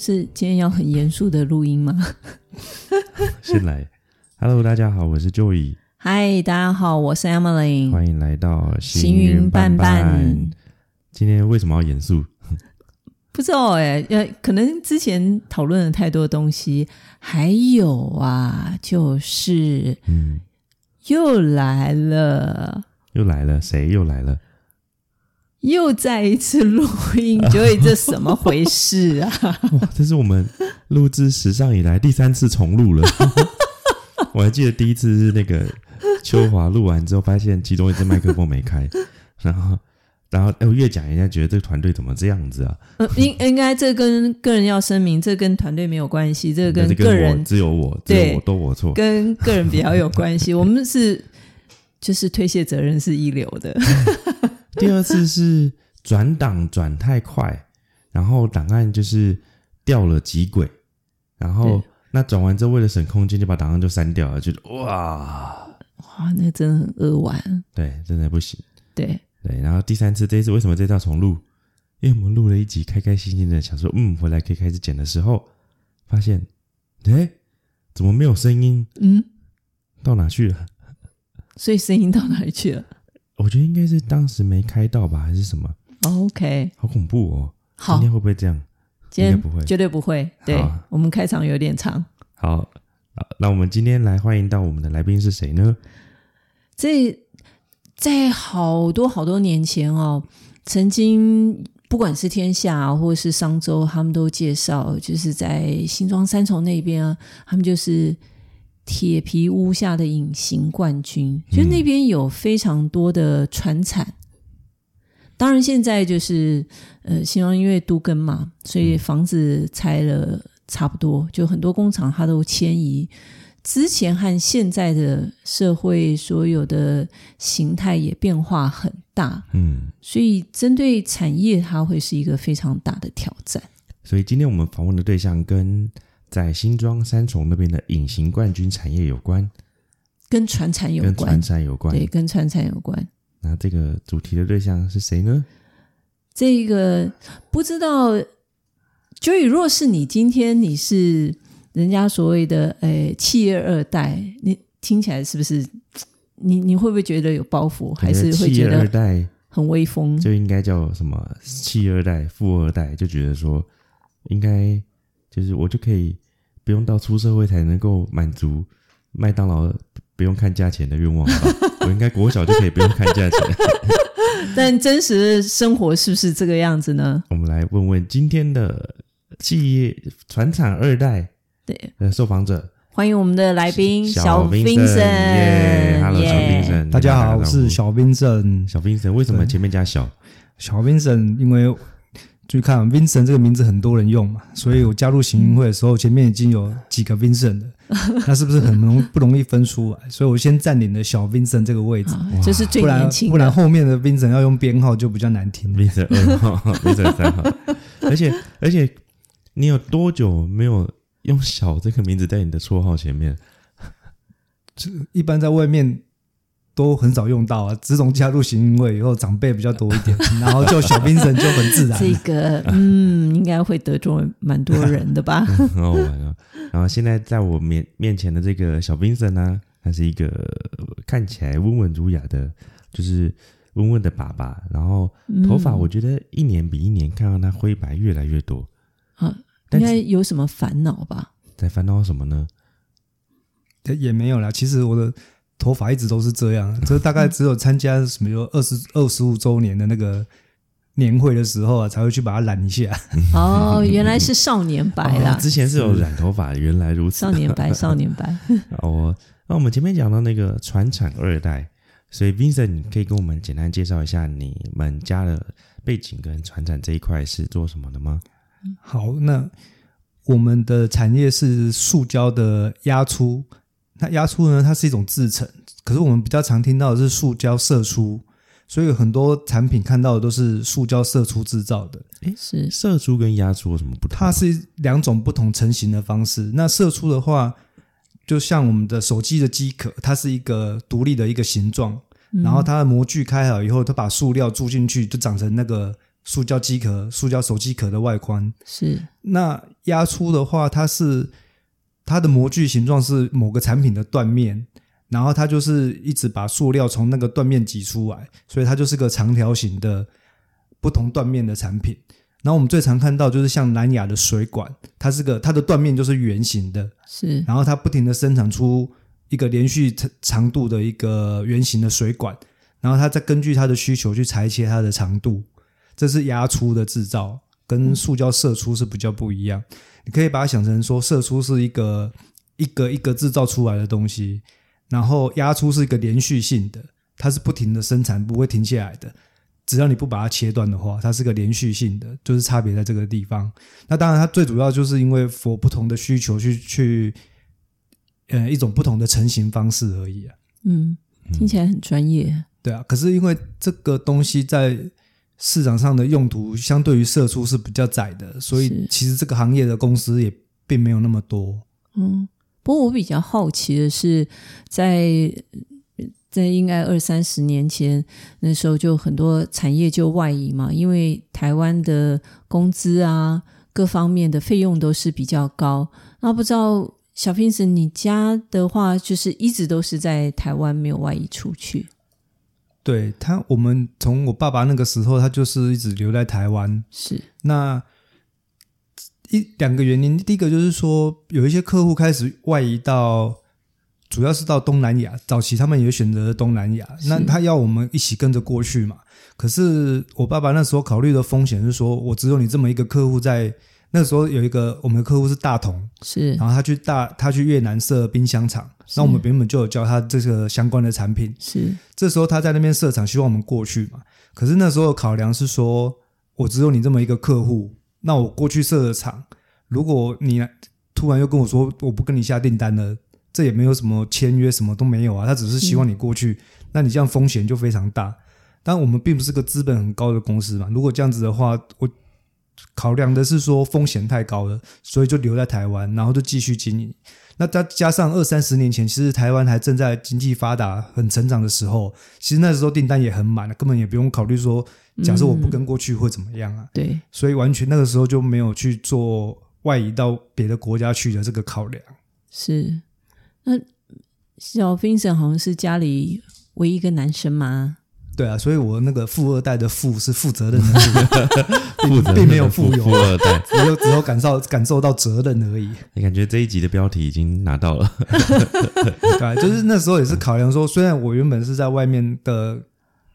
是今天要很嚴肅的錄音嗎？ 先來，Hello，大家好，我是 Joey。Hi，大家好，我是 Emily。歡迎來到行雲伴拌。行雲伴今天為什麼要嚴肅？ 不知道哎，要，可能之前討論了太多東西。還有啊，就是嗯，又來了，又來了，誰又來了？又再一次錄音，這這什麼回事啊？ 哇，這是我們錄製史上以來第三次重錄了。 我還記得第一次是那個秋華錄完之後，發現其中一支麥克風沒開， 然後，然後，哎、欸，我越講人家覺得這個團隊怎麼這樣子啊？ 應應該這跟個人要聲明，這跟團隊沒有關係，這個跟個人只有我對，都有我錯，跟個人比較有關係。 我們是就是推卸責任是一流的。 第二次是轉檔轉太快， 然後檔案就是掉了幾軌，然後那轉完之後為了省空間就把檔案就刪掉了，就哇哇，那真的很扼腕。對，真的不行。對對，然後第三次，這一次為什麼這次要重錄？因為我們錄了一集，開開心心的想說，嗯，回來可以開始剪的時候，發現，哎，怎麼沒有聲音？嗯，到哪去了？所以聲音到哪裡去了？我覺得應該是當時沒開到吧，還是什麼？OK，好恐怖哦！好，今天會不會這樣？今天不會，絕對不會。對，啊、我們開場有點長。好，好，那我們今天來歡迎到我們的來賓是誰呢？這在好多好多年前哦，曾經不管是天下、啊、或是商周，他們都介紹，就是在新莊三重那邊啊，他們就是。鐵皮屋下的隱形冠軍，就、嗯、那邊有非常多的傳產當然，現在就是呃，希望因為都更嘛，所以房子拆了差不多，嗯、就很多工廠它都遷移。之前和現在的社會所有的形態也變化很大，嗯，所以針對產業，它會是一個非常大的挑戰。所以今天我們訪問的對象跟。在新莊三重那邊的隱形冠軍產業有關，跟傳產有關，傳產有關，對，跟傳產有關。那這個主題的對象是誰呢？這個不知道。就以，若是你今天你是人家所謂的誒企業二代，你聽起來是不是？你你會不會覺得有包袱？還是會覺得很威風？就應該叫什麼？企二代、富二代，就覺得說應該。就是我就可以不用到出社會才能夠滿足麥當勞不用看價錢的願望好好， 我應該國小就可以不用看價錢。 但真實的生活是不是這個樣子呢？我們來問問今天的企業傳產二代的，對，呃，受訪者，歡迎我們的來賓小 Vincent、yeah，Hello，小 Vincent Yeah，你們 大家好，我是小 Vincent，小 Vincent< 對>為什麼前面加小？小 Vincent，因為。去看 Vincent 這個名字很多人用嘛，所以我加入行雲會的時候，前面已經有幾個 Vincent 了，那是不是很容不容易分出來？所以我先占領了小 Vincent 這個位置，這是最不然不然後面的 Vincent 要用編號就比較難聽了。就是、Vincent 二號，Vincent 三號，3號 而且而且你有多久沒有用小這個名字在你的綽號前面？這一般在外面。都很少用到啊，只從加入行雲會以後，長輩比較多一點，然後叫小 Vincent 就很自然。這個嗯，應該會得罪蠻多人的吧？很好玩啊。然後現在在我面面前的這個小 Vincent 呢、啊，他是一個看起來溫文儒雅的，嗯、就是溫文的爸爸。然後頭髮，我覺得一年比一年看到他灰白越來越多。嗯、是應該有什麼煩惱吧？在煩惱什麼呢？也也沒有啦。其實我的。頭髮一直都是這樣，這大概只有參加什麼有二十二十五週年的那個年會的時候啊，才會去把它染一下。哦，原來是少年白啦、啊哦！之前是有染頭髮，原來如此，少年白，少年白。哦，那我們前面講到那個傳產二代，所以 Vincent 你可以跟我們簡單介紹一下你們家的背景跟傳產這一塊是做什麼的嗎？嗯、好，那我們的產業是塑膠的壓出。那壓出呢？它是一種製程，可是我們比較常聽到的是塑膠射出，所以很多產品看到的都是塑膠射出製造的。哎，是射出跟壓出有什麼不同啊？它是兩種不同成型的方式。那射出的話，就像我們的手機的機殼，它是一個獨立的一個形狀，嗯、然後它的模具開好以後，它把塑料注進去，就長成那個塑膠機殼、塑膠手機殼的外觀。是。那壓出的話，它是。它的模具形狀是某個產品的斷面，然後它就是一直把塑料從那個斷面擠出來，所以它就是個長條形的，不同斷面的產品。然後我們最常看到就是像南亞的水管，它是個它的斷面就是圓形的，是，然後它不停的生產出一個連續長長度的一個圓形的水管，然後它再根據它的需求去裁切它的長度，這是壓出的制造。跟塑膠射出是比較不一樣，你可以把它想成說，射出是一個一個一個製造出來的東西，然後壓出是一個連續性的，它是不停的生產，不會停下來的，只要你不把它切斷的話，它是個連續性的，就是差別在這個地方。那當然，它最主要就是因為 for 不同的需求去去，呃，一種不同的成型方式而已啊。嗯，聽起來很專業。對啊，可是因為這個東西在。市場上的用途相對於射出是比較窄的，所以其實這個行業的公司也並沒有那麼多。嗯，不過我比較好奇的是，在在應該二三十年前，那時候就很多產業就外移嘛，因為台灣的工資啊，各方面的費用都是比較高。那不知道小 Vincent，你家的話就是一直都是在台灣，沒有外移出去？對他，我們從我爸爸那個時候，他就是一直留在台灣。是，那一兩個原因，第一個就是說，有一些客戶開始外移到，主要是到東南亞。早期他們也選擇了東南亞，是那他要我們一起跟着過去嘛？可是我爸爸那時候考慮的風險是說，說我只有你這麼一個客戶在。那時候有一個我們的客戶是大同，是，然後他去大他去越南設冰箱廠，那是我們原本，本就有教他這個相關的產品，是。這時候他在那邊設廠，希望我們過去嘛。可是那時候考量是說，我只有你這麼一個客戶，那我過去設的廠，如果你突然又跟我說我不跟你下訂單了，這也沒有什麼簽約，什麼都沒有啊。他只是希望你過去，是那你這樣風險就非常大。但我們並不是個資本很高的公司嘛，如果這樣子的話，我。考量的是說風險太高了，所以就留在台灣，然後就繼續經營。那再加上二三十年前，其實台灣還正在經濟發達、很成長的時候，其實那時候訂單也很滿，根本也不用考慮說，假設我不跟過去會怎麼樣啊？嗯、對，所以完全那個時候就沒有去做外移到別的國家去的這個考量。是，那小 Vincent 好像是家裡唯一一個男生嗎？對啊，所以我那個負二代的“負”是負責任的那 責並並沒有富有，負二代只有只有感受感受到責任而已。你感覺這一集的標題已經拿到了，對 ，okay, 就是那時候也是考量說，雖然我原本是在外面的，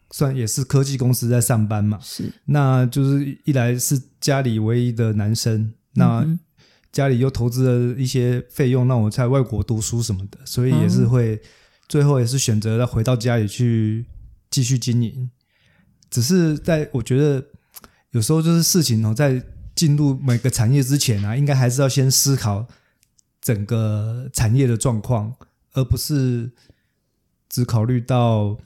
算也是科技公司在上班嘛，是，那就是一來是家裡唯一的男生，那家裡又投資了一些費用讓我在外國讀書什麼的，所以也是會、嗯、最後也是選擇了回到家裡去。繼續經營，只是在我覺得有時候就是事情哦，在進入每個產業之前呢、啊，應該還是要先思考整個產業的狀況，而不是只考慮到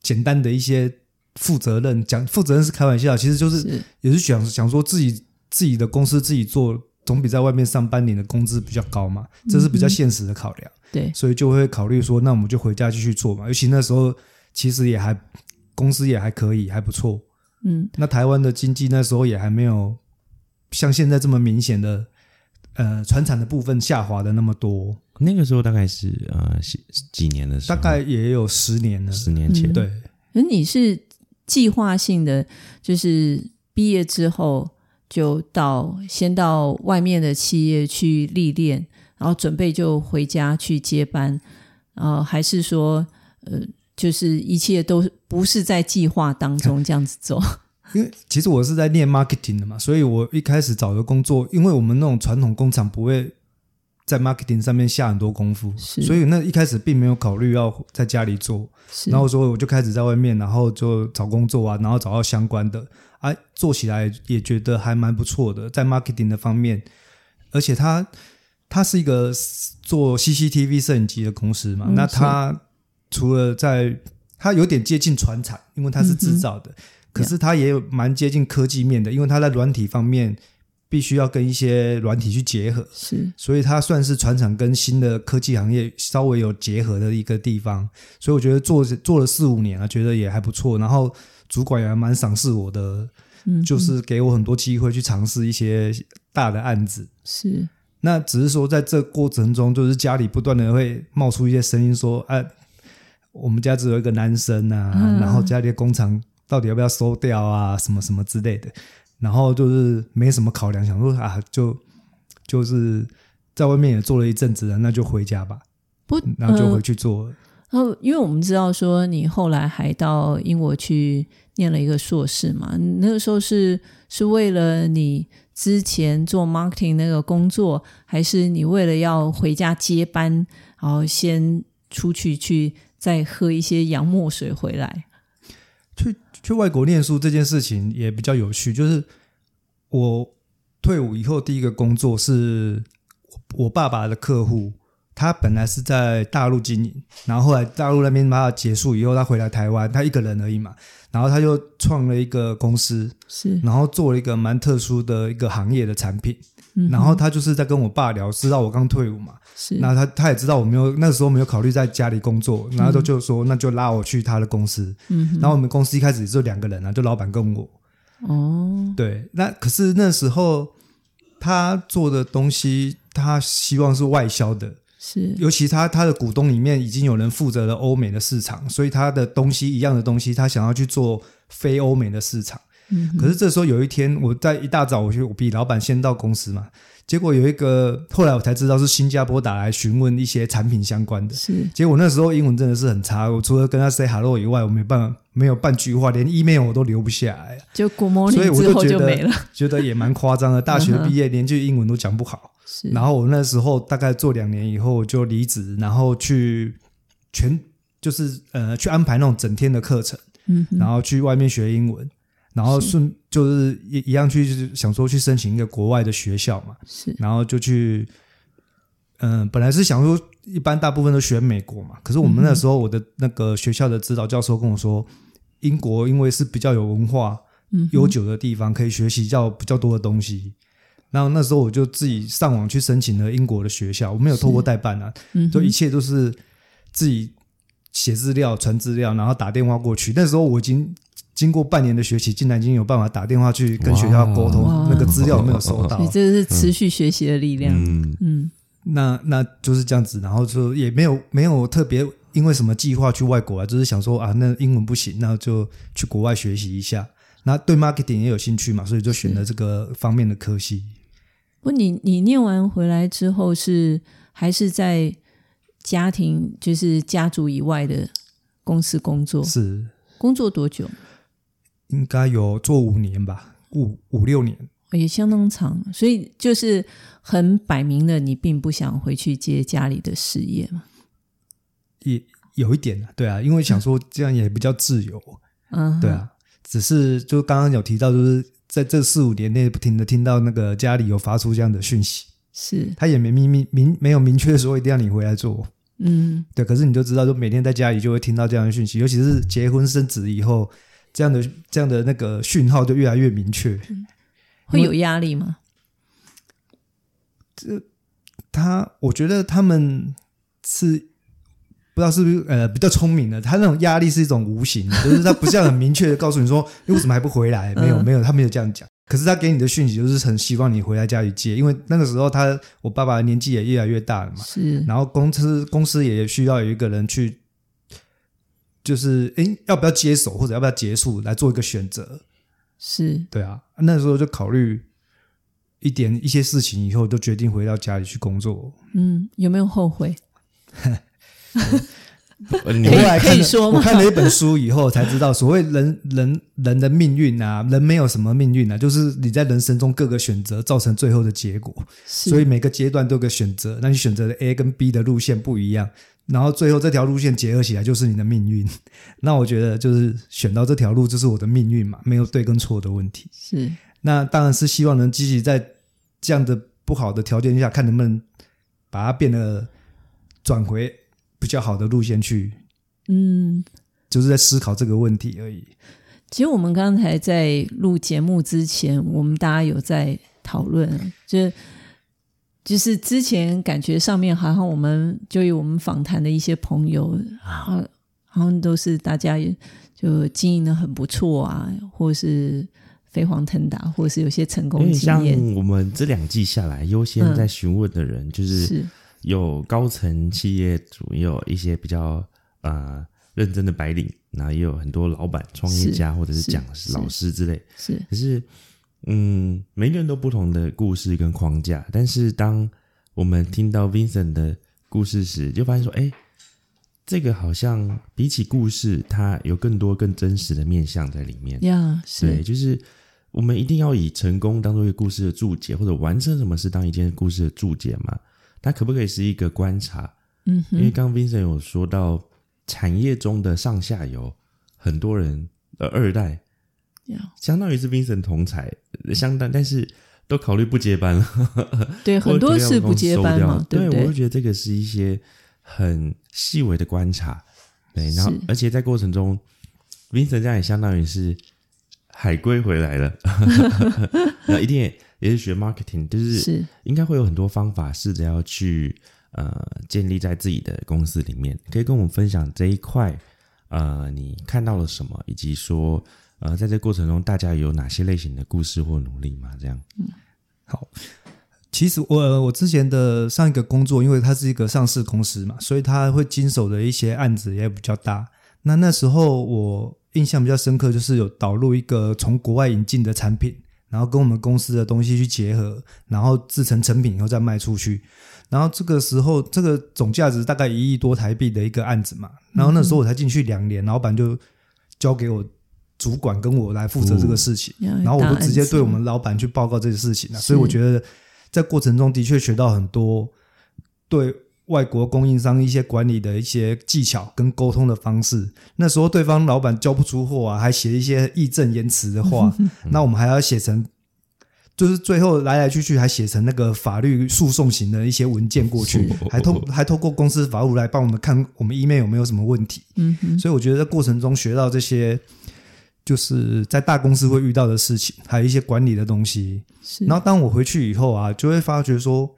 簡單的一些負責任。講負責任是開玩笑，其實就是，是也是想想說自己自己的公司自己做，總比在外面上班領的工資比較高嘛，這是比較現實的考量。嗯、對，所以就會考慮說，那我們就回家繼續做嘛。尤其那時候。其實也還，公司也還可以，還不錯。嗯，那台灣的經濟那時候也還沒有像現在這麼明顯的，呃，傳產的部分下滑的那麼多。那個時候大概是呃幾年的時候，大概也有十年了。十年前，嗯、對。那你是計劃性的，就是畢業之後就到先到外面的企業去歷練，然後準備就回家去接班，啊，還是說呃？就是一切都不是在計劃當中這樣子做，因為其實我是在念 marketing 的嘛，所以我一開始找的工作，因為我們那種傳統工廠不會在 marketing 上面下很多功夫，是所以那一開始並沒有考慮要在家裡做，是然後所以我就開始在外面，然後就找工作啊，然後找到相關的，啊，做起來也覺得還蠻不錯的，在 marketing 的方面，而且他他是一個做 CCTV 攝影機的公司嘛，嗯、那他它。除了在它有點接近傳產，因為它是製造的，嗯 yeah. 可是它也有蠻接近科技面的，因為它在軟體方面必須要跟一些軟體去結合，是，所以它算是傳產跟新的科技行業稍微有結合的一個地方。所以我覺得做做了四五年了，啊，覺得也還不錯。然後主管也還蠻賞識我的，嗯、哼就是給我很多機會去嘗試一些大的案子。是，那只是說在這過程中，就是家裡不斷的會冒出一些聲音說，哎。我們家只有一個男生啊，然後家裡的工廠到底要不要收掉啊，嗯、什麼什麼之類的，然後就是沒什麼考量，想說啊，就就是在外面也做了一陣子了，那就回家吧。不，然後就回去做了。然後、呃呃，因為我們知道說你後來還到英國去念了一個碩士嘛，那個時候是是為了你之前做 marketing 那個工作，還是你為了要回家接班，然後先出去去？再喝一些洋墨水回來去。去去外國念書這件事情也比較有趣，就是我退伍以後第一個工作是我爸爸的客戶，他本來是在大陸經營，然後後來大陸那邊把他結束以後，他回來台灣，他一個人而已嘛，然後他就創了一個公司，是，然後做了一個蠻特殊的一個行業的產品，嗯哼，然後他就是在跟我爸聊，知道我剛退伍嘛。是，那他他也知道我沒有那時候沒有考慮在家裡工作，嗯、然後他就說，那就拉我去他的公司。嗯哼，然後我們公司一開始就兩個人啊，就老闆跟我。哦，對，那可是那時候他做的東西，他希望是外銷的。是，尤其他他的股東裡面已經有人負責了歐美的市場，所以他的東西，一樣的東西，他想要去做非歐美的市場。嗯哼，可是這時候有一天，我在一大早我就我比老闆先到公司嘛。結果有一個，後來我才知道是新加坡打來詢問一些產品相關的。是。結果那時候英文真的是很差，我除了跟他 say hello 以外，我沒辦法，沒有半句話，連 email 我都留不下來。就所以我就覺得，覺得也蠻誇張的。大學畢業連句英文都講不好。嗯、是。然後我那時候大概做兩年以後就離職，然後去全就是呃去安排那種整天的課程，嗯哼，然後去外面學英文。然後是，就是一一樣去想說去申請一個國外的學校嘛，是，然後就去，嗯、呃，本來是想說一般大部分都選美國嘛，可是我們那時候我的那個學校的指導教授跟我說，嗯、哼英國因為是比較有文化、悠久的地方，嗯、哼可以學習較比較多的東西。然後那時候我就自己上網去申請了英國的學校，我沒有透過代辦啊，嗯、就一切都是自己寫資料、傳資料，然後打電話過去。那時候我已經。經過半年的學習，竟然已經有辦法打電話去跟學校溝通，哇那個資料沒有收到？你哇這是持續學習的力量。嗯嗯，嗯那那就是這樣子，然後就也沒有沒有特別因為什麼計劃去外國啊，就是想說啊，那英文不行，那就去國外學習一下。那對 marketing 也有興趣嘛，所以就選了這個方面的科系。不，你你念完回來之後是還是在家庭，就是家族以外的公司工作？是工作多久？應該有做五年吧，五五六年也相當長，所以就是很擺明了，你並不想回去接家裡的事業嘛？也有一點啊，對啊，因為想說這樣也比較自由，嗯，對啊。只是就剛剛有提到，就是在這四五年內不停的聽到那個家裡有發出這樣的訊息，是他也沒明明明沒有明確說一定要你回來做，嗯，對。可是你就知道，就每天在家裡就會聽到這樣的訊息，尤其是結婚生子以後。這樣的這樣的那個訊號就越來越明確，嗯、會有壓力嗎？這他，我覺得他們是不知道是不是呃比較聰明的。他那種壓力是一種無形的，就是他不是要很明確的告訴你說， 你為什麼還不回來？ 沒有沒有，他沒有這樣講。可是他給你的訊息就是很希望你回來家裡接，因為那個時候他我爸爸的年紀也越來越大了嘛，是，然後公，公司公司也需要有一個人去。就是誒，要不要接手，或者要不要結束，來做一個選擇？是，對啊，那時候就考慮一點一些事情，以後都決定回到家裡去工作。嗯，有沒有後悔？可以說 我看了一本書以後才知道，所謂人人人的命運啊，人沒有什麼命運啊，就是你在人生中各個選擇造成最後的結果。是所以每個階段都有個選擇，那你選擇的 A 跟 B 的路線不一樣。然後最後這條路線結合起來就是你的命運，那我覺得就是選到這條路就是我的命運嘛，沒有對跟錯的問題。是，那當然是希望能積極在這樣的不好的條件下，看能不能把它變得轉回比較好的路線去。嗯，就是在思考這個問題而已。其實我們剛才在錄節目之前，我們大家有在討論，就是。就是之前感覺上面好像我們就有我們訪談的一些朋友、啊啊，好像都是大家也就經營得很不錯啊，或是飛黃騰達，或是有些成功經驗。像我們這兩季下來，優先在詢問的人就是有高層企業主，也有一些比較呃認真的白領，然後也有很多老闆、創業家，或者是講師、老師之類。是，可是。嗯，每一個人都不同的故事跟框架，但是當我們聽到 Vincent 的故事時，就發現說，哎、欸，這個好像比起故事，它有更多更真實的面向在裡面。呀，Yeah, 對，是就是我們一定要以成功當作一個故事的注解，或者完成什麼事當一件故事的注解嘛？它可不可以是一個觀察？嗯哼，因為剛 Vincent 有說到產業中的上下游，很多人呃，二代。相當於是 Vincent 同儕，相當但是都考慮不接班了。對，呵呵很多是不接班嘛？對，對，對，我會覺得這個是一些很細微的觀察。對，然後是而且在過程中，Vincent 這樣也相當於是海歸回來了，那 一定也，也是學 marketing，就是應該會有很多方法試着要去呃建立在自己的公司裡面，可以跟我們分享這一塊呃你看到了什麼，以及說。呃，在這過程中，大家有哪些類型的故事或努力嗎？這樣，嗯，好。其實我、呃、我之前的上一個工作，因為它是一個上市公司嘛，所以它會經手的一些案子也比較大。那那時候我印象比較深刻，就是有導入一個從國外引進的產品，然後跟我們公司的東西去結合，然後制成成品以後再賣出去。然後這個時候，這個總價值大概一億多台幣的一個案子嘛。然後那時候我才進去兩年，老板、嗯嗯、就交給我。主管跟我來負責這個事情，嗯、然後我就直接對我們老闆去報告這個事情。是所以我覺得，在過程中的確學到很多對外國供應商一些管理的一些技巧跟溝通的方式。那時候對方老闆交不出貨啊，還寫一些義正言辭的話，那、嗯、哼我們還要寫成，就是最後來來去去還寫成那個法律訴訟型的一些文件過去，是還透還透過公司法務來幫我們看我們 email 有沒有什麼問題？嗯、哼所以我覺得在過程中學到這些。就是在大公司會遇到的事情，還有一些管理的東西。是，然後當我回去以後啊，就會發覺說，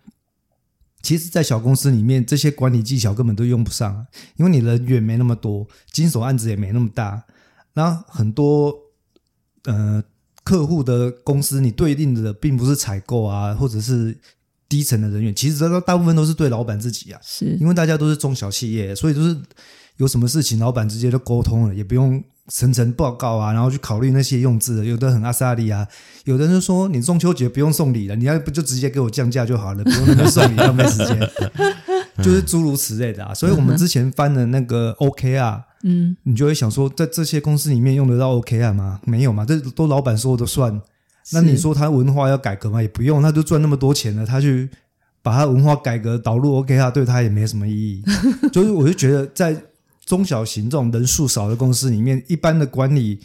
其實，在小公司裡面，這些管理技巧根本都用不上，因為你人員沒那麼多，經手案子也沒那麼大。那很多呃客戶的公司，你對應的並不是採購啊，或者是低層的人員，其實這個大部分都是對老闆自己啊，是因為大家都是中小企業，所以就是有什麼事情，老闆直接就溝通了，也不用。層層報告啊，然後去考慮那些用字，有的很阿薩利啊，有的人就說，你中秋節不用送禮了，你要不就直接給我降價就好了，不用那麼送禮，浪費時間， 就是諸如此類的啊。嗯、所以我們之前翻的那個 OKR，嗯，你就會想說，在這些公司裡面用得到 OKR 嗎？沒有嘛，這都老闆說的算。是那你說他文化要改革嘛？也不用，他就賺那麼多錢了，他去把他文化改革導入 OKR，對他也沒什麼意義。所以 我就覺得在。中小型這種人數少的公司裡面，一般的管理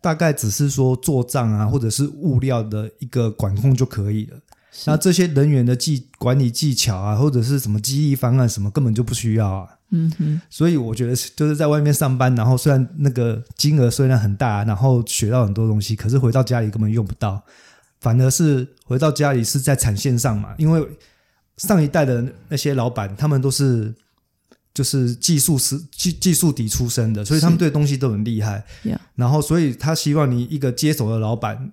大概只是說做賬啊，或者是物料的一個管控就可以了。那是這些人員的技管理技巧啊，或者是什麼激勵方案什麼，根本就不需要啊。嗯哼。所以我覺得，就是在外面上班，然後雖然那個金額雖然很大，然後學到很多東西，可是回到家裡根本用不到，反而是回到家裡是在產線上嘛。因為上一代的那些老闆，他們都是。就是技術師、技技術底出身的，所以他們對東西都很厲害。Yeah. 然後，所以他希望你一個接手的老板，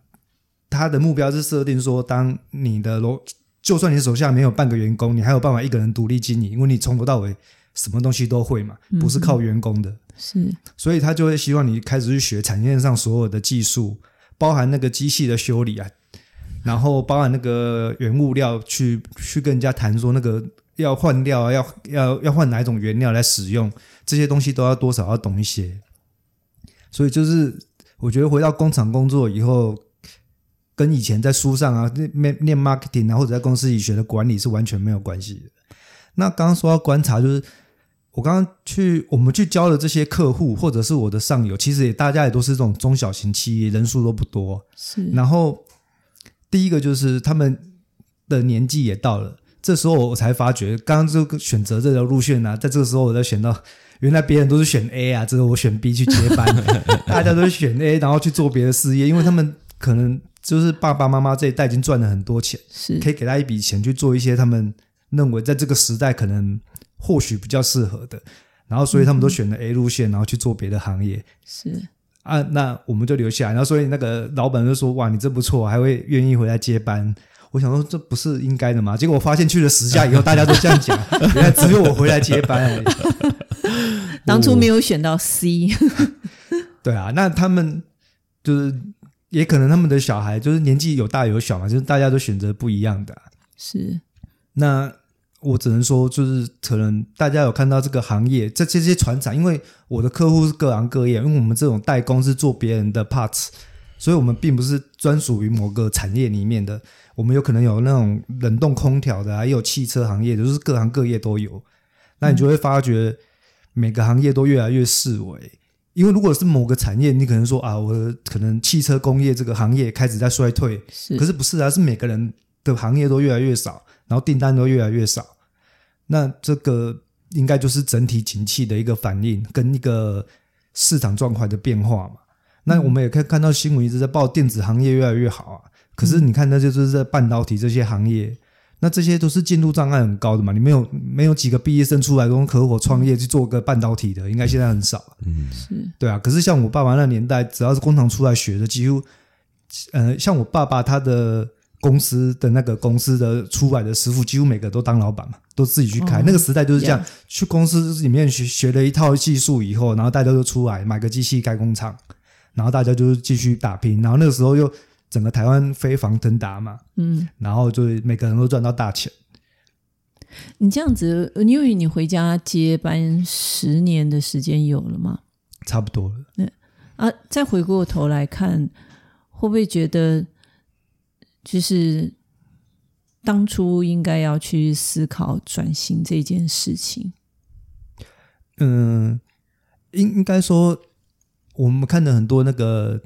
他的目標是設定說，當你的樓，就算你手下沒有半個員工，你還有辦法一個人獨立經營，因為你從頭到尾什麼東西都會嘛，不是靠員工的。Mm hmm. 是，所以他就會希望你開始去學產業鏈上所有的技術，包含那個機器的修理啊，然後包含那個原物料去，去去跟人家談說那個。要換料啊，要要要換哪一種原料來使用？這些東西都要多少要懂一些。所以就是我覺得回到工廠工作以後，跟以前在書上啊、念念 marketing 啊，或者在公司裡學的管理是完全沒有關係的。那剛剛說到觀察，就是我剛剛去我們去教的這些客戶，或者是我的上游，其實也大家也都是這種中小型企業，人數都不多。是。然後第一個就是他們的年紀也到了。這時候我我才發覺，剛剛就選擇這條路線呢、啊，在這個時候我才選到，原來別人都是選 A 啊，這個我選 B 去接班， 大家都選 A，然後去做別的事業，因為他們可能就是爸爸媽媽這一代已經賺了很多錢，是，可以給他一筆錢去做一些他們認為在這個時代可能或許比較適合的，然後所以他們都選了 A 路線，然後去做別的行業，是，啊，那我們就留下來，然後所以那個老闆就說，哇，你真不錯，還會願意回來接班。我想說這不是應該的嗎？結果我發現去了十家以後，大家都這樣講， 原來只有我回來接班而已。 當初沒有選到 C， 對啊，那他們就是也可能他們的小孩就是年紀有大有小嘛，就是大家都選擇不一樣的啊。是，那我只能說就是可能大家有看到這個行業這這些船廠，因為我的客戶是各行各業，因為我們這種代工是做別人的 parts，所以我們並不是專屬於某個產業裡面的。我們有可能有那種冷凍空調的、啊，也有汽車行業的，就是各行各業都有。那你就會發覺，每個行業都越來越式微。嗯、因為如果是某個產業，你可能說啊，我的可能汽車工業這個行業開始在衰退，是可是不是啊？是每個人的行業都越來越少，然後訂單都越來越少。那這個應該就是整體景氣的一個反應，跟一個市場狀況的變化嘛。那我們也可以看到新聞一直在報電子行業越來越好啊。可是你看，那就是在半導體這些行業，嗯、那這些都是進度障礙很高的嘛。你沒有沒有幾個畢業生出來跟合夥創業去做個半導體的，應該現在很少。嗯，是，對啊。可是像我爸爸那年代，只要是工廠出來學的，幾乎，呃，像我爸爸他的公司的那個公司的出來的師傅，幾乎每個都當老板嘛，都自己去開。哦、那個時代就是這樣，嗯、去公司裡面學學了一套技術以後，然後大家就出來買個機器開工廠，然後大家就繼續打拼，然後那個時候又。整個台灣飛黃騰達嘛，嗯，然後就每個人都賺到大錢。你這樣子，你以為你回家接班十年的時間有了嗎？差不多了。那啊，再回過頭來看，會不會覺得就是當初應該要去思考轉型這件事情？嗯，應應該說，我們看的很多那個。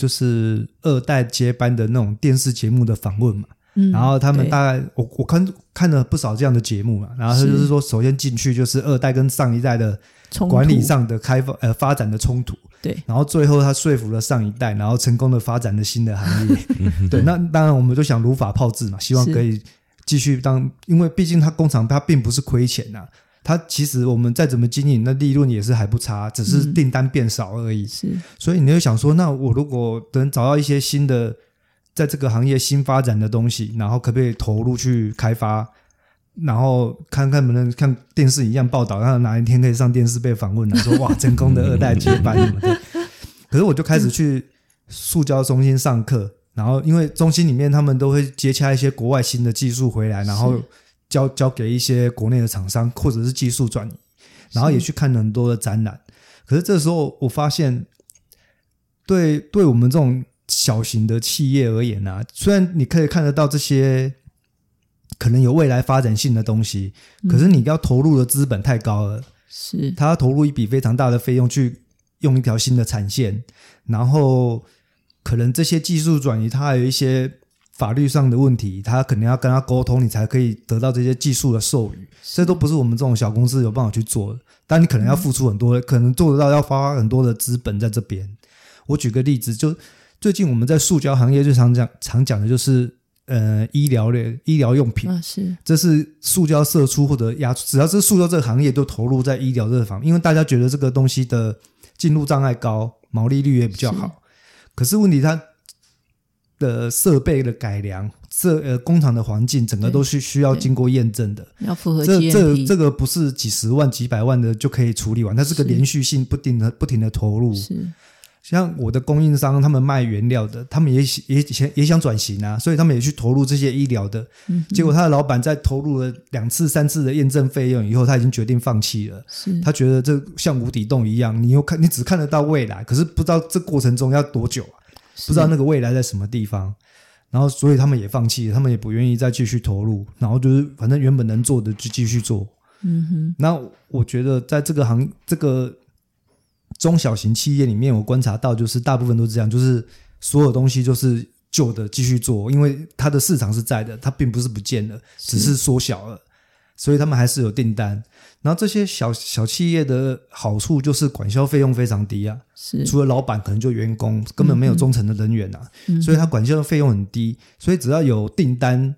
就是二代接班的那種電視節目的訪問嘛，嗯、然後他們大概對我我看看了不少這樣的節目嘛，然後他就是說，首先進去就是二代跟上一代的管理上的開放突呃發展的衝突，對，然後最後他說服了上一代，對然後成功的發展了新的行業， 對，那當然我們就想如法炮制嘛，希望可以繼續當，是因為畢竟他工廠他並不是虧錢吶、啊。它其實我們再怎麼經營，那利潤也是還不差，只是訂單變少而已。嗯、是。所以你就想說，那我如果能找到一些新的，在這個行業新發展的東西，然後可不可以投入去開發？然後看看能不能看電視一樣報道，然後哪一天可以上電視被訪問了，然後說哇，成功的二代接班什麼的。 可是我就開始去塑膠中心上課，嗯、然後因為中心裡面他們都會接洽一些國外新的技術回來，然後。交交給一些國內的廠商，或者是技術轉移，然後也去看很多的展覽。是，可是這時候，我發現，對對我們這種小型的企業而言呢、啊，雖然你可以看得到這些可能有未來發展性的東西，嗯、可是你要投入的資本太高了。是，他要投入一筆非常大的費用去用一條新的產線，然後可能這些技術轉移，它還有一些。法律上的問題，他可能要跟他溝通，你才可以得到這些技術的授予。這是都不是我們這種小公司有辦法去做的。但你可能要付出很多的，嗯、可能做得到要花很多的資本在這邊。我舉個例子，就最近我們在塑膠行業最常講、常講的就是，呃，醫療類、醫療用品，啊、是這是塑膠射出或者壓出，只要是塑膠這個行業都投入在醫療這方，因為大家覺得這個東西的進入障礙高，毛利率也比較好。是，可是問題它。的設備的改良，這，呃，工廠的環境，整個都是需要經過驗證的，要符合這。這這這個不是幾十萬、幾百萬的就可以處理完，它是個連續性、不定的、是不停的投入。是，像我的供應商，他們賣原料的，他們也也也想轉型啊，所以他們也去投入這些醫療的。嗯哼。結果他的老闆在投入了兩次、三次的驗證費用以後，他已經決定放棄了。是。他覺得這像無底洞一樣，你又看，你只看得到未來，可是不知道這過程中要多久啊。是不知道那個未來在什麼地方，然後所以他們也放棄了，他們也不願意再繼續投入，然後就是反正原本能做的就繼續做。嗯哼。那我覺得在這個行這個中小型企業裡面，我觀察到就是大部分都是這樣，就是所有東西就是舊的繼續做，因為它的市場是在的，它並不是不見了，只是縮小了。所以他們還是有訂單，然後這些小小企業的好處就是管銷費用非常低啊，是除了老闆可能就員工、嗯、根本沒有中層的人員啊。嗯、所以他管銷的費用很低，所以只要有訂單，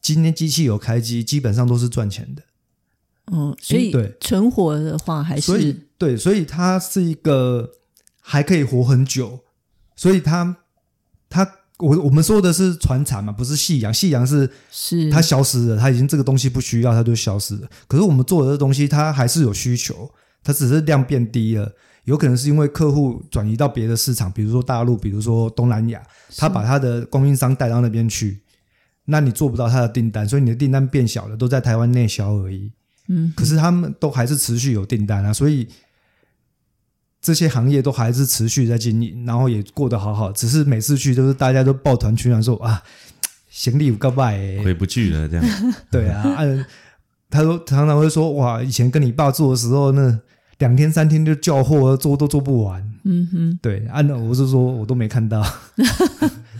今天機器有開機，基本上都是賺錢的。嗯、哦，所以、欸、對，存活的話還是。所以對，所以它是一個還可以活很久，所以它它。他我我們說的是傳產嘛，不是夕陽。夕陽是是它消失了，是它已經這個東西不需要，它就消失了。可是我們做的這東西，它還是有需求，它只是量變低了。有可能是因為客戶轉移到別的市場，比如說大陸，比如說東南亞，他把他的供應商帶到那邊去，是那你做不到它的訂單，所以你的訂單變小了，都在台灣內銷而已。嗯哼，可是他們都還是持續有訂單啊，所以。這些行業都還是持續在經營，然後也過得好好，只是每次去都是大家都抱團取暖，說啊，行李有個外、欸、回不去了這樣。 對啊，啊他說常常會說哇，以前跟你爸做的時候，那兩天三天就叫貨做都做不完。嗯哼，對，安、啊、老我是說我都沒看到。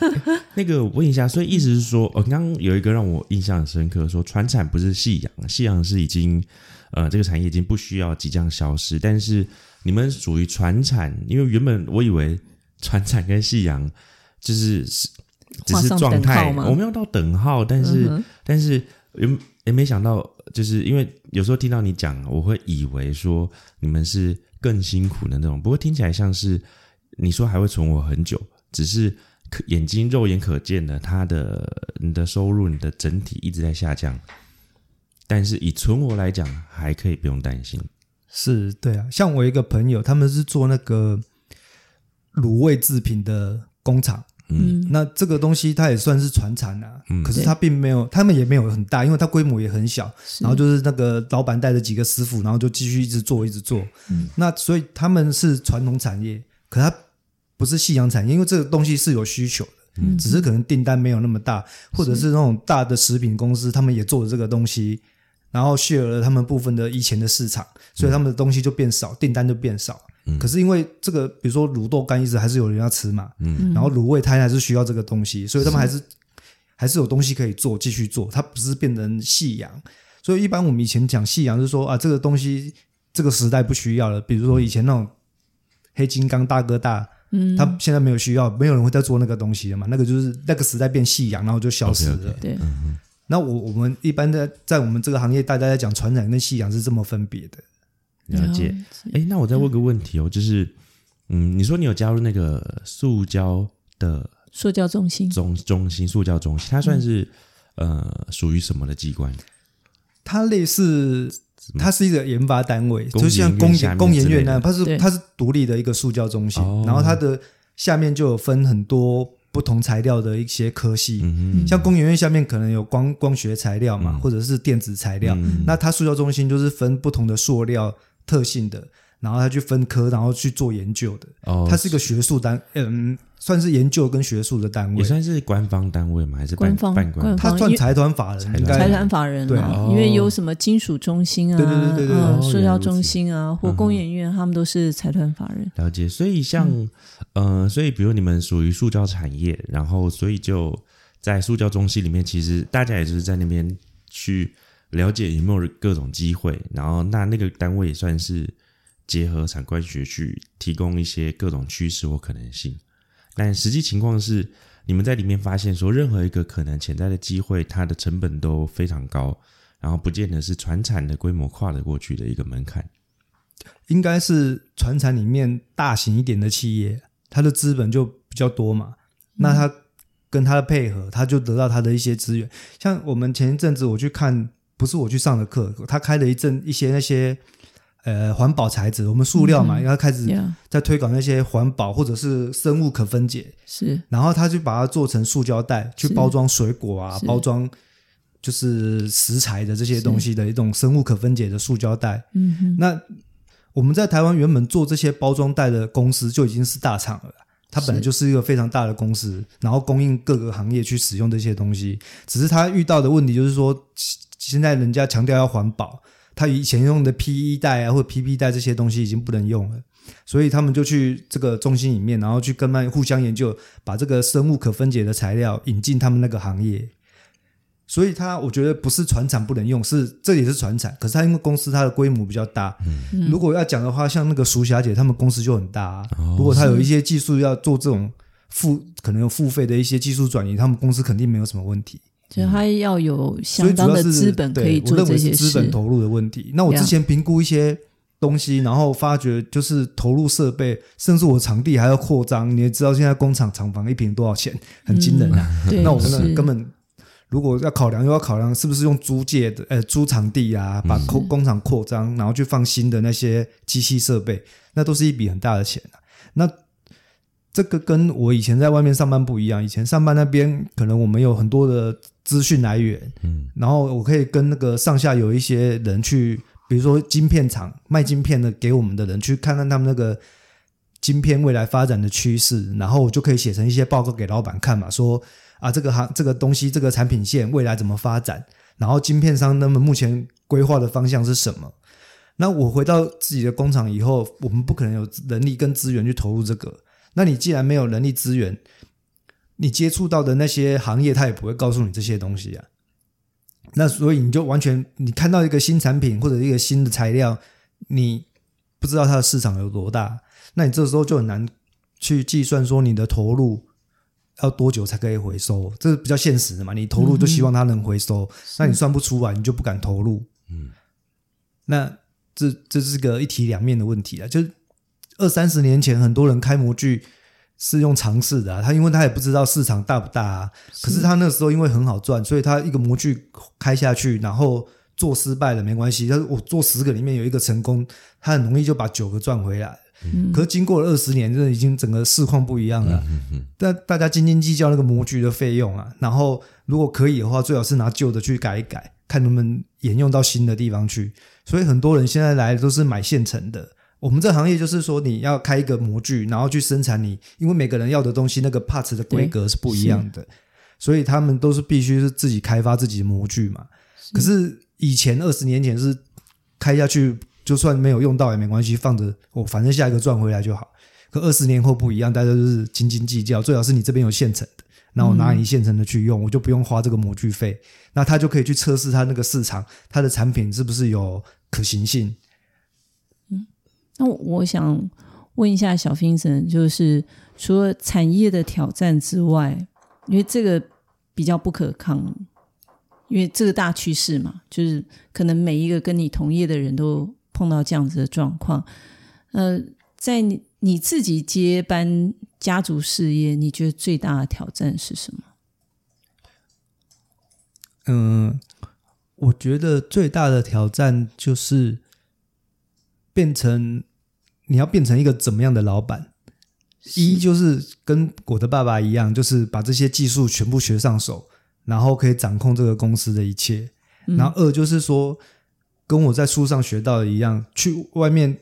那個我問一下，所以意思是說，剛、哦、剛有一個讓我印象很深刻，說傳產不是夕陽，夕陽是已經呃這個產業已經不需要，即將消失，但是。你們屬於傳產，因為原本我以為傳產跟夕陽就是只是狀態，我沒有到等號，但是、嗯、哼但是也也、欸、沒想到，就是因為有時候聽到你講，我會以為說你們是更辛苦的那種。不過聽起來像是你說還會存活很久，只是眼睛肉眼可見的，他的你的收入你的整體一直在下降，但是以存活來講，還可以不用擔心。是對啊，像我一個朋友，他們是做那個滷味製品的工廠，嗯，那這個東西他也算是傳產啊，嗯，可是他並沒有，他對們也沒有很大，因為他規模也很小，是然後就是那個老闆帶着幾個師傅，然後就繼續一直做，一直做，嗯，那所以他們是傳統產業，可他不是夕陽產業，因為這個東西是有需求的，嗯，只是可能訂單沒有那麼大，或者是那種大的食品公司是他們也做這個東西。然後削弱了他們部分的以前的市場，所以他們的東西就變少，嗯、訂單就變少。嗯、可是因為這個，比如說滷豆乾一直還是有人要吃嘛，嗯、然後滷味攤還是需要這個東西，所以他們還是,是還是有東西可以做，繼續做。它不是變成夕陽所以一般我們以前講夕陽就是說啊，這個東西這個時代不需要了。比如說以前那種黑金剛大哥大，它、嗯、現在沒有需要，沒有人會再做那個東西了嘛？那個就是那個時代變夕陽然後就消失了。Okay, okay, 對。嗯那我我們一般在在我們這個行業，大家在講傳產跟夕陽是這麼分別的。了解。哎，那我再問個問題哦，嗯、就是，嗯，你說你有加入那個塑膠的塑膠中心中中心塑膠中心，它算是、嗯、呃屬於什麼的機關？它類似，它是一個研發單位，麼就像工工研，工研院那樣，它是對它是獨立的一個塑膠中心，哦、然後它的下面就有分很多。不同材料的一些科系，嗯嗯，像工研院下面可能有光光學材料嘛，或者是電子材料，嗯嗯，那它塑膠中心就是分不同的塑料特性的。然後他去分科，然後去做研究的。哦，他是個學術單，嗯，算是研究跟學術的單位，也算是官方單位嘛，還是官方？他算財團法人，應該財團法人啊，因為有什麼金屬中心啊，對對對對對，塑膠中心啊，或工研院，他們都是財團法人。了解，所以像，呃，所以比如你們屬於塑膠產業，然後所以就在塑膠中心裡面，其實大家也就是在那邊去了解有沒有各種機會，然後那那個單位也算是。結合產官學去提供一些各種趨勢或可能性，但實際情況是，你們在裡面發現說，任何一個可能潛在的機會，它的成本都非常高，然後不見得是傳產的規模跨得過去的一個門檻。應該是傳產裡面大型一點的企業，它的資本就比較多嘛，那它跟它的配合，它就得到它的一些資源。像我們前一陣子我去看，不是我去上的課，他開了一陣一些那些。呃，環保材質，我們塑料嘛，要、嗯、開始在推廣那些環保或者是生物可分解。是。然後他就把它做成塑膠袋，去包裝水果啊，是包裝就是食材的這些東西的一種生物可分解的塑膠袋。嗯哼。那我們在台灣原本做這些包裝袋的公司就已經是大廠了，它本來就是一個非常大的公司，是然後供應各個行業去使用這些東西。只是它遇到的問題就是說，現在人家強調要環保。他以前用的 PE 袋啊，或者 PP 袋這些東西已經不能用了，所以他們就去這個中心裡面，然後去跟他們互相研究，把這個生物可分解的材料引進他們那個行業。所以，他我覺得不是傳產不能用，是這也是傳產，可是他因為公司它的規模比較大。嗯、如果要講的話，像那個熟霞姐，他們公司就很大啊。哦、如果他有一些技術要做這種付可能有付費的一些技術轉移，他們公司肯定沒有什麼問題。所以它要有相當的資本可以做這些事。我認為是資本投入的問題。那我之前評估一些東西，然後發覺就是投入設備，甚至我場地還要擴張。你也知道現在工廠廠房一平多少錢，很驚人啊。嗯、那我們根本是如果要考量，又要考量是不是用租借的，呃，租場地啊，把工廠擴張，然後去放新的那些機器設備，那都是一筆很大的錢，啊、那這個跟我以前在外面上班不一樣，以前上班那邊可能我們有很多的資訊來源，嗯，然後我可以跟那個上下游一些人去，比如說晶片廠賣晶片的給我們的人去看看他們那個晶片未來發展的趨勢，然後我就可以寫成一些報告給老闆看嘛，說啊這個行這個東西這個產品線未來怎麼發展，然後晶片商那麼目前規劃的方向是什麼？那我回到自己的工廠以後，我們不可能有能力跟資源去投入這個。那你既然沒有人力資源，你接觸到的那些行業，他也不會告訴你這些東西啊。那所以你就完全你看到一個新產品或者一個新的材料，你不知道它的市場有多大，那你這時候就很難去計算說你的投入要多久才可以回收，這是比較現實的嘛。你投入就希望它能回收，嗯嗯，那你算不出來，你就不敢投入。嗯，那這這是個一體兩面的問題啦、啊。就二三十年前，很多人開模具是用嘗試的啊，他因為他也不知道市場大不大啊，是，可是他那時候因為很好賺，所以他一個模具開下去，然後做失敗了沒關係，他說我做十個裡面有一個成功，他很容易就把九個賺回來。嗯、可是經過了二十年，真的已經整個市況不一樣了。嗯、哼哼，但大家斤斤計較那個模具的費用啊，然後如果可以的話，最好是拿舊的去改一改，看能不能沿用到新的地方去。所以很多人現在來都是買現成的。我們這行業就是說，你要開一個模具，然後去生產你，因為每個人要的東西那個 parts 的規格是不一樣的，所以他們都是必須是自己開發自己的模具嘛。是，可是，以前二十年前是開下去，就算沒有用到也沒關係，放着，我、哦，、反正下一個賺回來就好。可二十年後不一樣，大家就是斤斤計較，最好是你這邊有現成的，那我拿你現成的去用，嗯、我就不用花這個模具費，那他就可以去測試他那個市場，他的產品是不是有可行性。那我，我想問一下小 Vincent，就是除了產業的挑戰之外，因為這個比較不可抗，因為這個大趨勢嘛，就是可能每一個跟你同業的人都碰到這樣子的狀況。呃，在你你自己接班家族事業，你覺得最大的挑戰是什麼？嗯，我覺得最大的挑戰就是。變成你要變成一個怎麼樣的老闆？是一就是跟我的爸爸一樣，就是把這些技術全部學上手，然後可以掌控這個公司的一切。嗯、然後二就是說，跟我在書上學到的一樣，去外面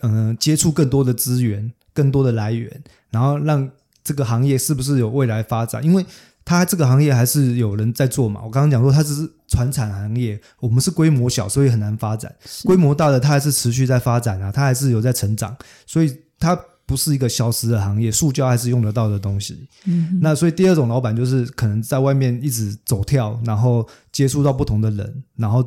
嗯、呃、接觸更多的資源、更多的來源，然後讓這個行業是不是有未來發展？因為他這個行業還是有人在做嘛。我剛剛講說，他只是。傳產行業，我們是規模小，所以很難發展。規是模大的，它還是持續在發展啊，它還是有在成長，所以它不是一個消失的行業。塑膠還是用得到的東西。嗯哼，那所以第二種老闆就是可能在外面一直走跳，然後接觸到不同的人，然後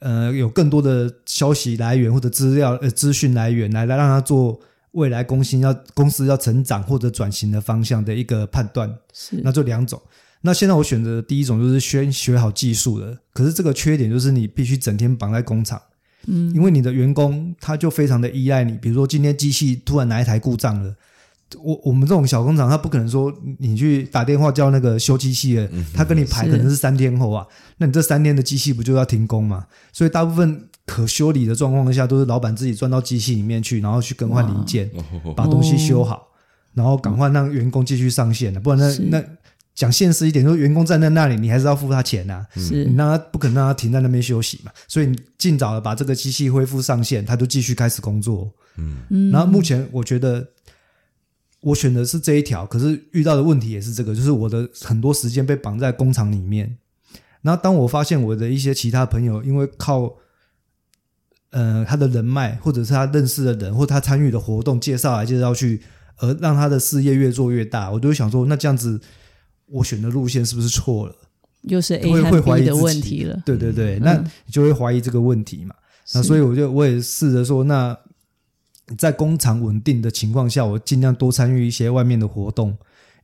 呃有更多的消息來源或者資料、呃、資訊來源，來來讓他做未來公司要公司要成長或者轉型的方向的一個判斷。是，那就兩種。那現在我選擇的第一種，就是先學，學好技術的。可是這個缺點就是你必須整天綁在工廠，嗯，因為你的員工他就非常的依賴你。比如說今天機器突然來一台故障了，我我們這種小工廠，他不可能說你去打電話叫那個修機器的，他跟你排可能是三天後啊。是那你這三天的機器不就要停工嘛？所以大部分可修理的狀況下，都是老闆自己鑽到機器裡面去，然後去更換零件，哦、把東西修好，然後趕快讓員工繼續上線的、啊。不然那那。講現實一點，就是員工站在那裡，你還是要付他錢啊，是你讓他不可能讓他停在那邊休息嘛，所以你盡早的把這個機器恢復上線，他就繼續開始工作。嗯嗯，然後目前我覺得我選的是這一條，可是遇到的問題也是這個，就是我的很多時間被綁在工廠裡面。然後當我發現我的一些其他朋友，因為靠呃他的人脈，或者是他認識的人，或者他參與的活動介紹來介紹去，而讓他的事業越做越大，我就想說，那這樣子。我選的路線是不是錯了？又是 A 會會懷疑自己的問題了，對對對，那你就會懷疑這個問題嘛。嗯、那所以我就我也試着說，那在工廠穩定的情況下，我儘量多參與一些外面的活動。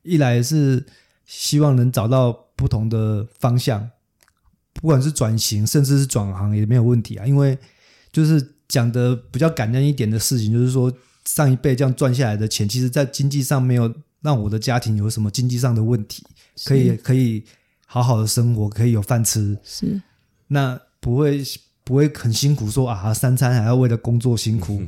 一來是希望能找到不同的方向，不管是轉型，甚至是轉行也沒有問題啊。因為就是講的比較感恩一點的事情，就是說上一輩這樣賺下來的錢，其實，在經濟上沒有讓我的家庭有什麼經濟上的問題。可以可以好好的生活，可以有飯吃，是那不會不會很辛苦說，說啊三餐還要為了工作辛苦，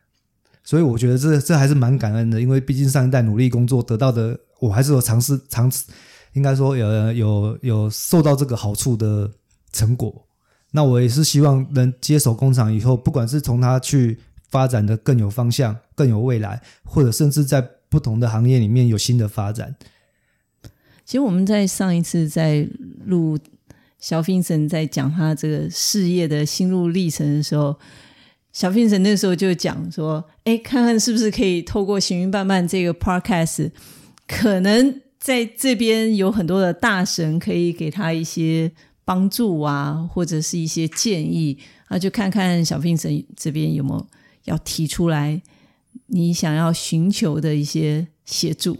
所以我覺得這這還是蠻感恩的，因為畢竟上一代努力工作得到的，我還是有嘗試嘗試，應該說有有有受到這個好處的成果。那我也是希望能接手工廠以後，不管是從它去發展的更有方向、更有未來，或者甚至在不同的行業裡面有新的發展。其實我們在上一次在錄小平神在講他這個事業的心路歷程的時候，小平神那時候就講說：“哎，看看是不是可以透過行雲辦漫這個 podcast，可能在這邊有很多的大神可以給他一些幫助啊，或者是一些建議啊，就看看小平神這邊有沒有要提出來你想要尋求的一些協助。”